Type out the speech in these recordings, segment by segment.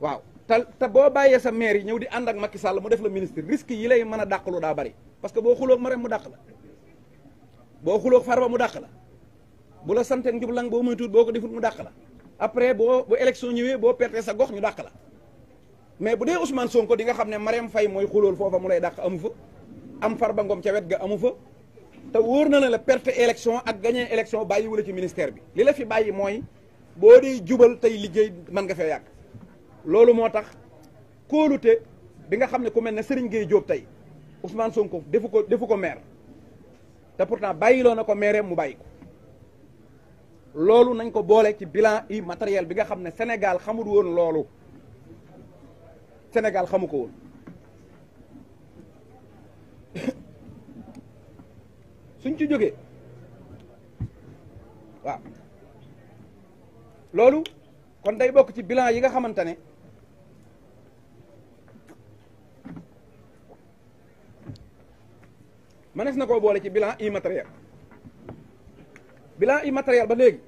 waaw te te boo bàyyee sa maire yi ñëw di ànd ak Macky Sall mu def la ministre risque yi lay mën a dàqalu daa bari parce que boo xuloog Marème mu dàq la boo xuloog Farba mu dàq la bu la santeen njub lang boo muy boo ko defut mu dàq la après boo bu élection ñëwee boo perte sa gox ñu dàq la mais bu dee Ousmane Sonko di nga xam ne Marème Faye mooy xulool foofa mu lay dàq amu fa am Farba Ngom ca wet ga amu fa te wóor na la la perte élection ak gagné élection bàyyi wala ci ministère bi li la fi bàyyi mooy boo dee jubal tey liggéey mën nga fee yàgg loolu moo tax kóolute bi nga xam ne ku mel ne Serigne Gueye Diop tey Ousmane Sonko defu ko defu ko maire te pourtant bàyyiloo na ko maire mu bàyyi loolu nañ ko boole ci bilan matériel bi nga xam ne Sénégal xamul woon loolu Sénégal xamu ko woon suñ ci jógee waaw loolu kon day bokk ci bilan yi nga xamante ne mënees na ko boole ci bilan immatériel bilan immatériel ba léegi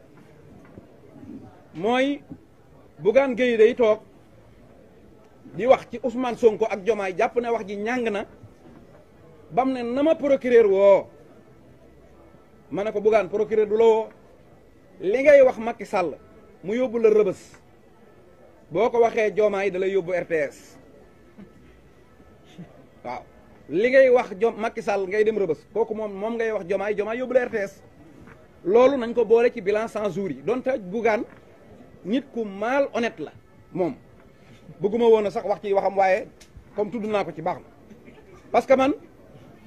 mooy Bougane Gueye day toog di wax ci Ousmane Sonko ak Jomaay jàpp ne wax ji ñàng na bam ne na ma procureur woo ma ne ko Bougane procureur du la woo li ngay wax makki sàll mu yóbbu la rëbës boo ko waxee Jomaay da lay yóbbu RTS li ngay wax jom Macky Sall ngay dem rëbës kooku moom moom ngay wax jomaay jomaay yóbbu la RTS loolu nañ ko boole ci bilan 100 jours yi donte Bougane nit ku maal honnête la moom bëgguma woon a sax wax ci waxam waaye comme tudd naa ko ci baax na parce que man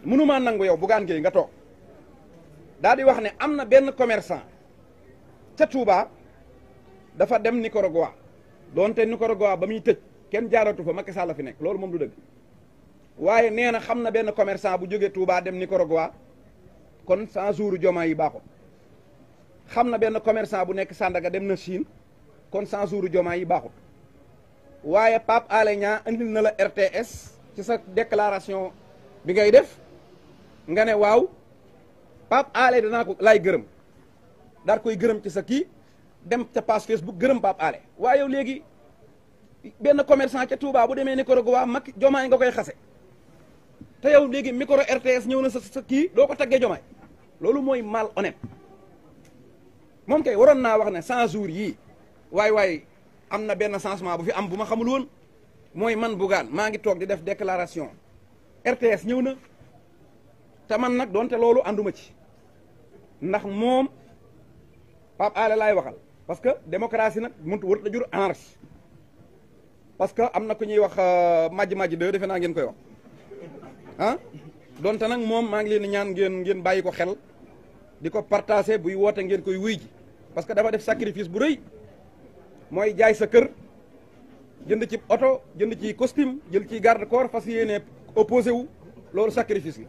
mënumaa nangu yow Bougane Gueye nga toog daal di wax ne am na benn commerçant ca Touba dafa dem Nicaragua donte Nicaragua ba muy tëj kenn jaaratu fa Macky Sall la fi nekk loolu moom du dëgg waaye nee na xam na benn commerçant bu jógee Touba dem Nicaragua kon cent jours joma yi baaxul xam na benn commerçant bu nekk Sandaga dem na Chine kon cent jours joma yi baaxul waaye Pape ñaa Niang andil na la RTS ci sa déclaration bi ngay def nga ne waaw Pape Alé danaa ko laay gërëm daal koy gërëm ci sa kii dem ca page Facebook gërëm Pape Alé waaye léegi benn commerçant ca Touba bu demee Nicaragua mag jomaay nga koy xase te yow léegi micro RTS ñëw na sa sa kii doo ko taggee jomaay loolu mooy mal honnête moom kay waroon naa wax ne 100 jours yii waay waay am na benn changement bu fi am bu ma xamul woon mooy man Bougane maa ngi toog di def déclaration RTS ñëw na te man nag doonte loolu ànduma ci ndax moom Pape Alé laay waxal parce que démocratie nag mënut wër la jur anarchie parce que am na ku ñuy wax majj majj de defe naa ngeen koy wax ah donte nag moom maa ngi leen ñaan ngeen ngeen bàyyi ko xel di ko partagé buy woote ngeen koy wuy ji parce que dafa def sacrifice bu rëy mooy jaay sa kër jënd ci oto jënd ci costume jël ci garde corps fas yéene opposé wu loolu sacrifice la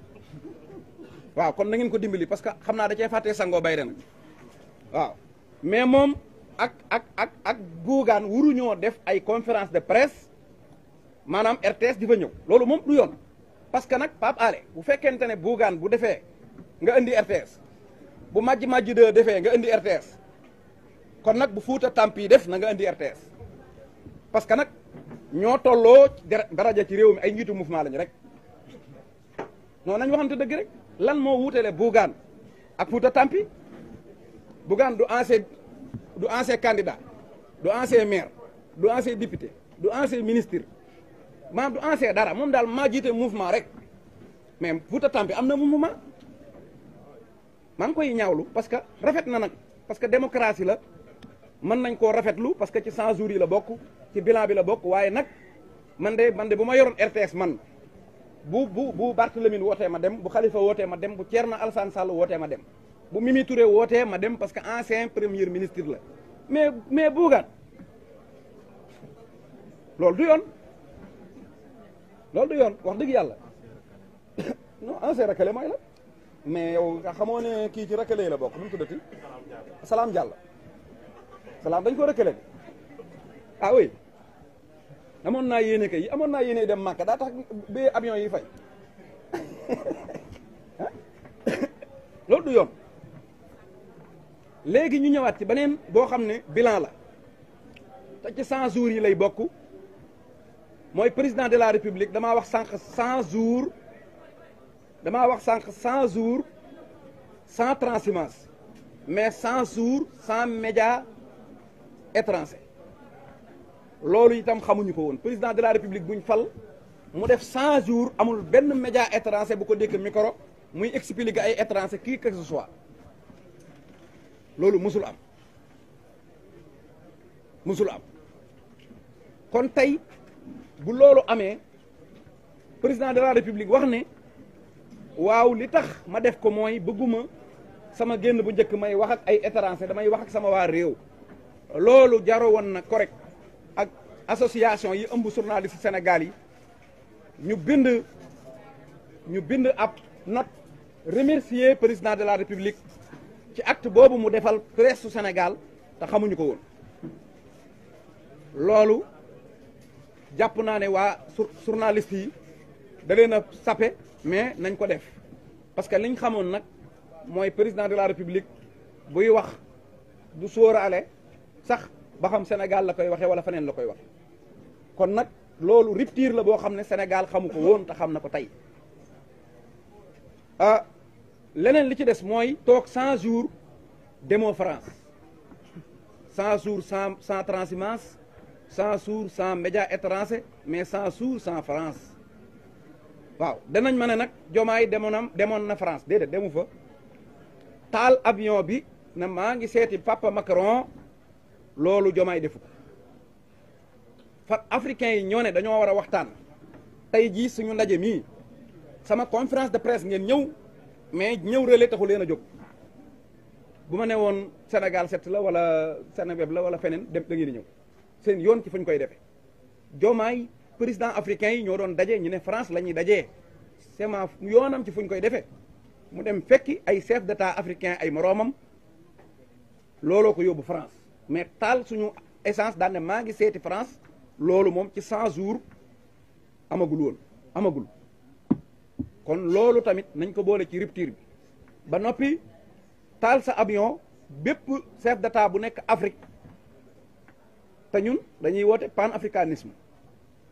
waaw kon na ngeen ko dimbali parce que xam naa da cee fàttee sangoo bay ren waaw mais moom ak ak ak ak góogaan wuruñoo def ay conférence de presse maanaam RTS di fa ñëw loolu moom du yoon parce que nag Pape Alé bu fekkente ne Bougane bu defee nga indi RTS bu Madji Madji de defee nga indi RTS kon nag bu Fouta Tampi def na nga indi RTS parce que nag ñoo tolloo daraja ci réew mi ay njiitu mouvement lañ rek noonu nañ waxante dëgg rek lan moo wuutale Bougane ak Fouta Tampi Bougane du ancien du ancien candidat du ancien maire du ancien député du ancien ministre maanaam du ancien dara moom daal maa jiite mouvement rek mais Fouta Tampi am na mouvement ma ngi koy ñaawlu parce que rafet na nag parce que démocratie la mën nañ koo rafetlu parce que ci 100 jours yi la bokk ci bilan bi la bokk waaye nag man de man de bu ma yoroon RTS man bu bu bu Barthélémy wootee ma dem bu Khalifa wootee ma dem bu Thierno Alassane Sall wootee ma dem bu Mimi Touré wootee ma dem parce que ancien premier ministre la mais mais buugaat loolu du yoon. loolu du yoon wax dëgg yàlla non ancien rakale mooy la mais yow nga xamoo ne kii ci rakale yi la bokk nu mu tuddati salaam jàll salaam dañ ko rakale bi ah oui amoon naa yéene kay amoon naa yéene dem Màkka daa tax bee avion yi fay loolu du yoon léegi ñu ñëwaat ci beneen boo xam ne bilan la te ci 100 jours lay bokk mooy président de la république damaa wax sànq cent jours damaa wax sànq cent jours sans transhumance mais cent jours sans média étrangers loolu itam xamuñu ko woon président de la république buñ fal mu def cent jours amul benn média étranger bu ko dékk micro muy expliquer ay étranger qui que ce soit loolu musul am musul am kon tey bu loolu amee président de la république wax ne waaw li tax ma def ko mooy bëgguma sama génn bu njëkk may wax ak ay étranger damay wax ak sama waa réew loolu jaro woon na correct ak association yi ëmb journaliste Sénégal yi ñu bind ñu bind ab nag remercier président de la république ci acte boobu mu defal presse su Sénégal te xamuñu ko woon loolu jàpp naa ne waa journaliste yi da leen a sape mais nañ ko def parce que liñ xamoon nag mooy président de la république buy wax du ale sax ba xam Sénégal la koy waxee wala feneen la koy wax kon nag loolu rupture la boo xam ne Sénégal xamu ko woon te xam na ko tey ah leneen li ci des mooy toog 100 jours demoo France 100 jours sans sans transhumance censure sans média étranger mais censure sans France waaw danañ ma ne nag jomaay demoonam demoon na France déedéet demu fa taal avion bi na maa ngi seeti papa Macron loolu jomaay defu fa africains yi ñoo ne dañoo war a waxtaan tey jii suñu ndaje mii sama conférence de presse ngeen ñëw mais ñëw relais taxu leen a jóg bu ma ne woon Sénégal set la wala Sénéweb la wala feneen dem da ngeen ñëw seen yoon ci fañ koy defee jomaay président africain yi ñoo doon daje ñu ne France la ñuy dajee sement yoonam ci fuñ koy defee mu dem fekki ay de d'état africain ay moroomam looloo ko yóbbu France mais taal suñu essence daan ne maa ngi seeti France loolu moom ci cent jours amagul woon amagul kon loolu tamit nañ ko boole ci rupture bi ba noppi taal sa avion bépp chef d'état bu nekk Afrique te ñun dañuy woote panafricanisme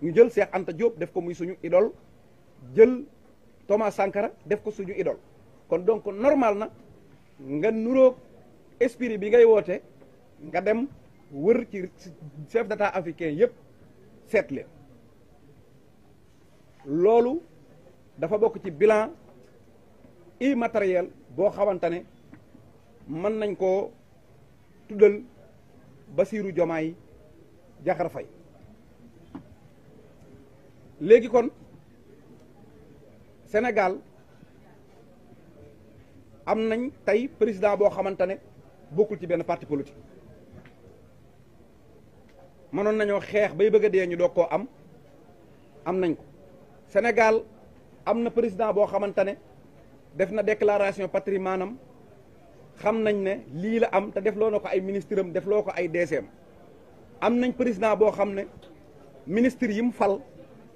ñu jël seex Anta Diop def ko muy suñu idol jël Thomas Sankara def ko suñu idol kon donc normal na nga nurook esprit bi ngay woote nga dem wër ci chef d'état africain yépp seet loolu dafa bokk ci bilan i immatériel boo xamante ne mën nañ koo tuddal Bassirou Diomaye jaxar fay léegi kon Sénégal am nañ tey président boo xamante ne bokkul ci benn parti politique mënoon nañoo xeex bay bëgg a dee ñu doog koo am am nañ ko Sénégal am na président boo xamante ne def na déclaration patrimoine am xam nañ ne lii la am te def loo na ko ay ministre am def loo ko ay DCM am nañ président boo xam ne ministre yi mu fal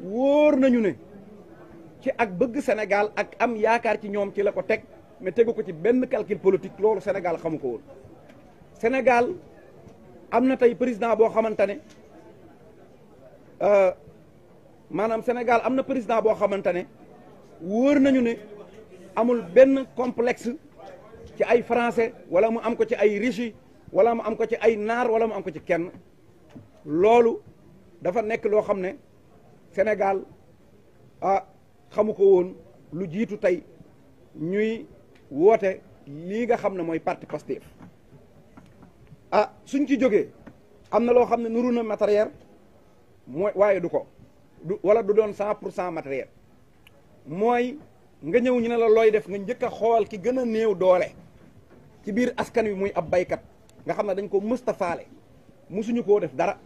wóor nañu ne ci ak bëgg Sénégal ak am yaakaar ci ñoom ci la ko teg mais ko ci benn calcul politique loolu Sénégal xamu ko woon Sénégal am na tey président boo xamante ne euh, maanaam Sénégal am na président boo xamante ne wóor nañu ne amul benn complexe ci ay français wala mu am ko ci ay riche wala mu am ko ci ay naar wala mu am ko ci kenn loolu dafa nekk loo xam ne Sénégal ah xamu ko woon lu jiitu tey ñuy woote lii nga xam ne mooy parti Pastef ah suñ ci jógee am na loo xam ne nuru na matériel mooy waaye du ko du wala du doon cent pour cent matériel mooy nga ñëw ñu ne la looy def nga njëkk a xool ki gën a néew doole ci biir askan wi muy ab baykat nga xam ne dañ ko mëstafaale musuñu koo def dara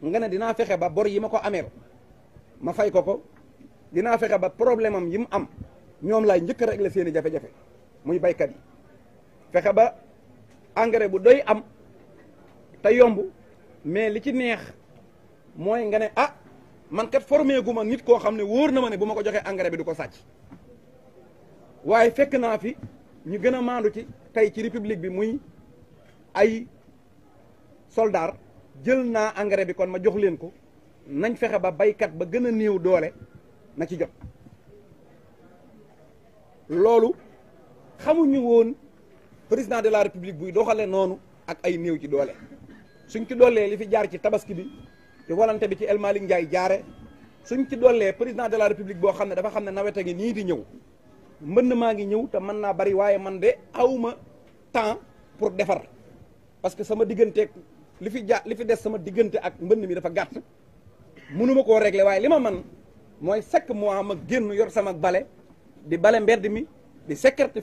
nga ne dinaa fexe ba bor yi ma ko ameel ma fay ko ko dinaa fexe ba problème am yi mu am ñoom laay njëkk a régler seen i jafe-jafe muy baykat yi fexe ba engrais bu doy am te yomb mais li ci neex mooy nga ne ah man kat formé gu ma nit koo xam ne wóor na ma ne bu ma ko joxee engrais bi du ko sàcc waaye fekk naa fi ñu gën a maandu ci tey ci république bi muy ay soldats jël naa engrais bi kon ma jox leen ko nañ fexe ba baykat ba gën a néew doole na ci jot loolu xamuñu woon président de la république buy doxale noonu ak ay néew ci doole suñ ci doolee li fi jaar ci tabaski bi ci volonté bi ci El Malick Ndiaye jaare suñ ci doolee président de la république boo xam ne dafa xam ne nawet a ngi nii di ñëw mbënd maa ngi ñëw te mën naa bari waaye man de awma temps pour defar parce que sama digganteeg li fi ja li fi des sama diggante ak mbënd mi dafa gàtt mënuma koo régler waaye li ma man mooy chaque mois ma génn yor sama bale di bale mbedd mi di sécurité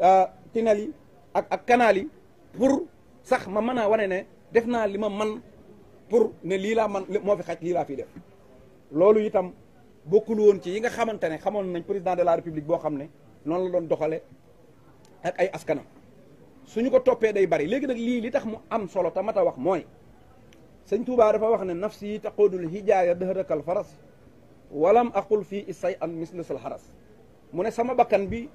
euh, tinal yi ak ak kanaali yi pour sax ma mën a wane ne def naa li ma man pour ne lii laa man moo fi xaj lii laa fiy def loolu itam bokkul woon ci yi nga xamante ne xamoon nañ président de la république boo xam ne noonu la doon doxale ak ay askanam suñu ko toppee day bari léegi nag lii li tax mu am solo te a wax mooy sëñ Tuubaa dafa wax ne nafsi yi taqoodul hijaaya dëhërakal faras walam aqul fii isay an mislisal xaras mu ne sama bakkan bi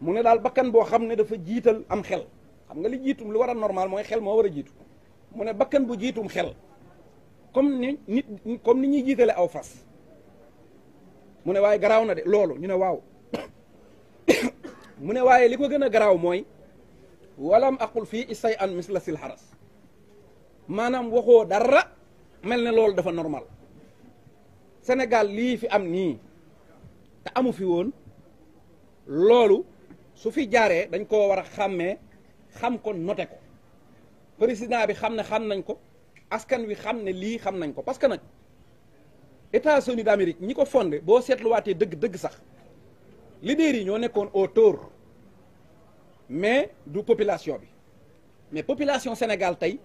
mu ne daal bakkan boo xam ne dafa jiital am xel xam nga li jiitum lu war a normal mooy xel moo war a jiitu mu ne bakkan bu jiitum xel comme ni nit comme ni ñuy jiitale aw fas mu ne waaye garaaw na de loolu ñu ne waaw mu ne waaye li ko gën a garaaw mooy walam aqul fii isay an misla sil maanaam waxoo dara mel ne loolu dafa normal Sénégal lii fi am nii te amu fi woon loolu su fi jaaree dañ ko war a xàmmee xam ko noté ko président bi xam ne xam nañ ko askan wi xam ne lii xam nañ ko parce que nag États-Unis d'Amérique ñi ko fondé boo seetluwaatee dëgg-dëgg sax leader yi ñoo nekkoon au tour mais du population bi mais population Sénégal tey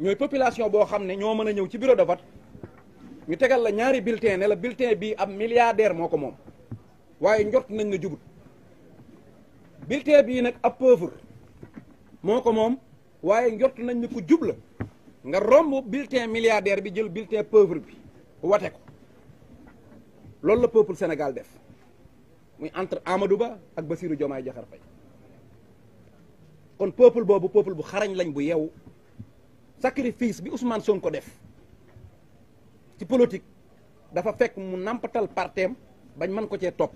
ñooy population boo xam ne ñoo mën a ñëw ci biro de vote ñu tegal la ñaari bulletin ne la bulletin bii ab milliardaire moo ko moom waaye njort nañ na jubut bulletin bii nag ab moo ko moom waaye njort nañ ne ku jubla la nga romb bulletin milliardaire bi jël bulletin pauvre bi wate ko loolu la peuple Sénégal def muy entre Amadou Ba ak Bassirou Diomaye Diakhar Faye kon peuple boobu peuple bu xarañ lañ bu yeewu sacrifice bi Ousmane ko def ci politique dafa fekk mu nampatal parteem bañ man ko cee topp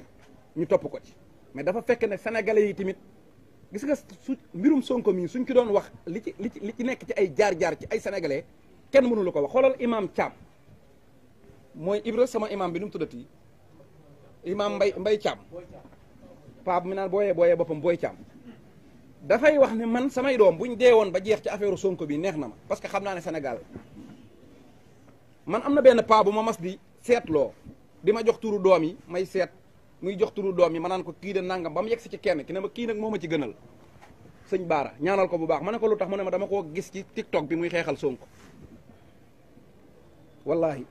ñu topp ko ci mais dafa fekk ne sénégalais yi tamit gis nga su mbirum sonk mii suñ ci doon wax li ci li ci li ci nekk ci ay jaar-jaar ci ay sénégalais kenn mënu ko wax xoolal imam Thiam mooy Ibra sama imam bi nu mu tuddati imam Mbay Mbay Thiam paab mi naan booyee booyee boppam booy Thiam dafay wax ne man samay doom buñ dee woon ba jeex ci affaire Sonko bi neex na ma parce que xam naa ne Sénégal man am na benn paa bu ma mas di seetloo di ma jox turu doom yi may seet muy jox turu doom yi ma naan ko kii de nangam ba mu yegg si ci kenn ki ne ma kii nag moo ma ci gënal sëñ Baara ñaanal ko bu baax ma ne ko lu tax ma ne ma dama koo gis ci TikTok bi muy xeexal Sonko wallahi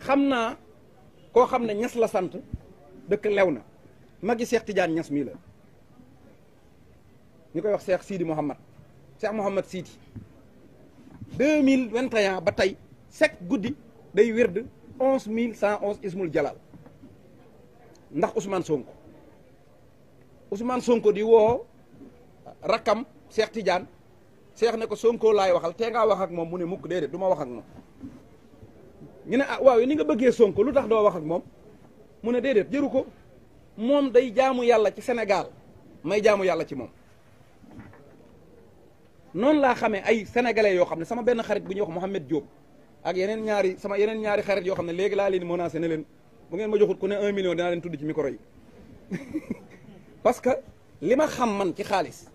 xam naa koo xam ne ñas la sant dëkk lew na magi Seex Tijaan ñas mii la ñu koy wax Cheikh Sidi Mouhamad Cheikh Mouhamad Sidi deux mille vingt et un ba tey sec guddi day wérd onze mille cent onze ismul jalal ndax Ousmane sonk Ousmane Sonko di woo rakkam Cheikh Tidiane Cheikh ne ko Sonko laay waxal te ngaa wax ak moom mu ne mukk déedéet du ma wax ak moom ñu ne ah waaw ni nga bëggee Sonko lu tax doo wax ak moom mu ne déedéet jëru ko moom day jaamu yàlla ci senegal may jaamu yàlla ci moom noonu laa xamee ay sénégalais yoo xam ne sama benn xarit bu ñuy wax Mouhamed Diop ak yeneen ñaari sama yeneen ñaari xarit yoo xam ne léegi laa leen menacé ne leen bu ngeen ma joxut ku ne un million dinaa leen tudd ci micro yi parce que li ma xam man ci xaalis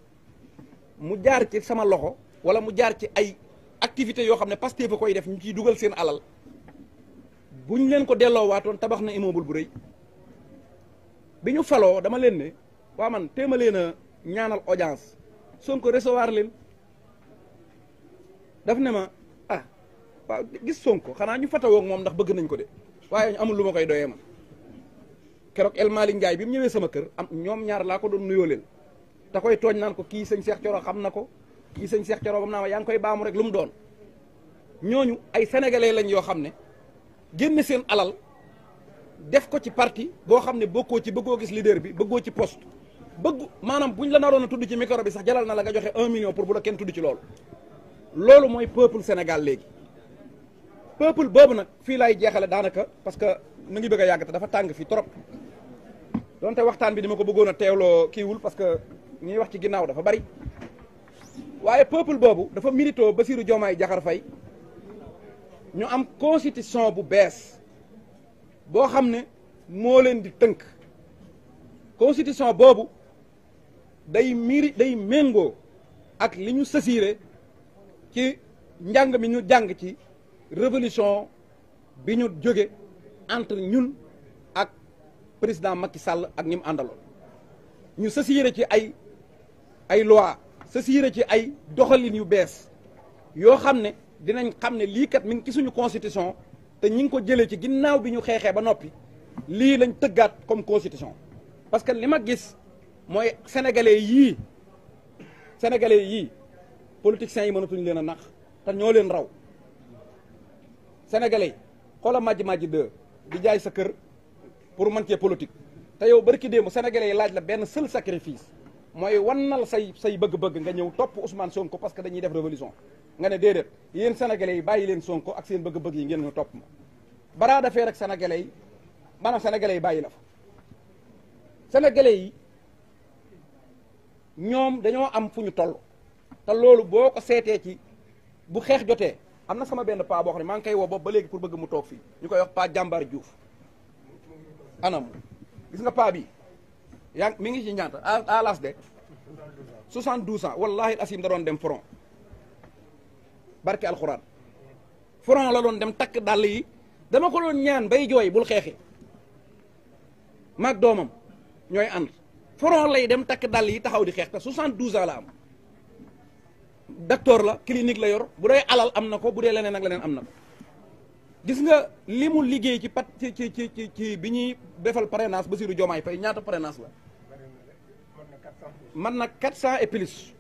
mu jaar ci sama loxo wala mu jaar ci ay activités yoo xam ne Pastef a koy def ñu ciy dugal seen alal buñ leen ko delloowaatoon tabax na immeuble bu rëy bi ñu faloo dama leen ne waa man téema leen a ñaanal audience ko recevoir leen daf ne ma ah waaw gis Sonko xanaa ñu fatawoog moom ndax bëgg nañ ko de waaye ñu amul lu ma koy doyee ma keroog El Malick Ndiaye bi mu ñëwee sama kër am ñoom ñaar laa ko doon nuyoo leen da koy tooñ naan ko kii sëñ Cheikh Thioro xam na ko kii sëñ Cheikh Thioro bam naa ma yaa ngi koy baamu rek lu mu doon ñooñu ay sénégalais lañ yoo xam ne génn seen alal def ko ci parti boo xam ne bokkoo ci bëggoo gis leader bi bëggoo ci poste bëggu maanaam buñ la naroon a tudd ci micro bi sax jalal na la nga joxe un pour bu la tudd ci loolu loolu mooy peuple Sénégal léegi peuple boobu nag fii lay jeexale daanaka parce que mu ngi bëgg a yàgg te dafa tàng fi trop donte waxtaan bi dama ko bëggoon a teewloo kiiwul parce que ñuy wax ci ginnaaw dafa bari waaye peuple boobu dafa militoo Bassirou Diomaye Diakhar fay ñu am constitution bu bees boo xam ne moo leen di tënk constitution boobu day miri day méngoo ak li ñu sësiire ci njàng mi ñu jàng ci révolution bi ñu jóge entre ñun ak président Macky sàll ak ñim mu ñu sësiire ci ay ay loi sësiire ci ay doxalin yu bees yoo xam ne dinañ xam ne lii kat mi ngi ci suñu constitution te ñi ngi ko jëlee ci ginnaaw bi ñu xeexee ba noppi lii lañ tëggaat comme constitution parce que li ma gis mooy sénégalais yii sénégalais yii politiciens yi mënatuñu leen a nax te ñoo leen raw sénégalais xoola majj majj de di jaay sa kër pour mën cee politique te yow bari ki démb sénégalais yi laaj la benn seul sacrifice mooy wannal say say bëgg-bëgg nga ñëw topp Ousmane Sonko parce que dañuy def révolution nga ne déedéet yéen sénégalais yi bàyyi leen Sonko ak seen bëgg-bëgg yi ngeen ñu topp ma baraa dafee rek sénégalais yi maanaam sénégalais yi bàyyi la fa sénégalais yi ñoom dañoo am fu ñu toll te loolu boo ko seetee ci bu xeex jotee am na sama benn paa boo xam ne maa ngi koy woo boobu ba léegi pour bëgg mu toog fii ñu koy wax paa jàmbaar Diouf anam gis nga paa bi yaa mi ngi ci ñaata à l'âge de 72 ans wallahi asim da dem front barke alxuraan front la doon dem takk dàll yi dama ko doon ñaan bay jooy bul xeexi maag doomam ñooy ànd front lay dem takk dàll yi taxaw di xeex te 72 ans la am docteur la clinique la yor bu dee alal am na ko bu dee leneen nag leneen am na ko gis nga li mu liggéey ci pat ci ci ci ci bi ñuy defal parrainage Bassirou Diomaye Faye ñaata parrainage la man na 400 et plus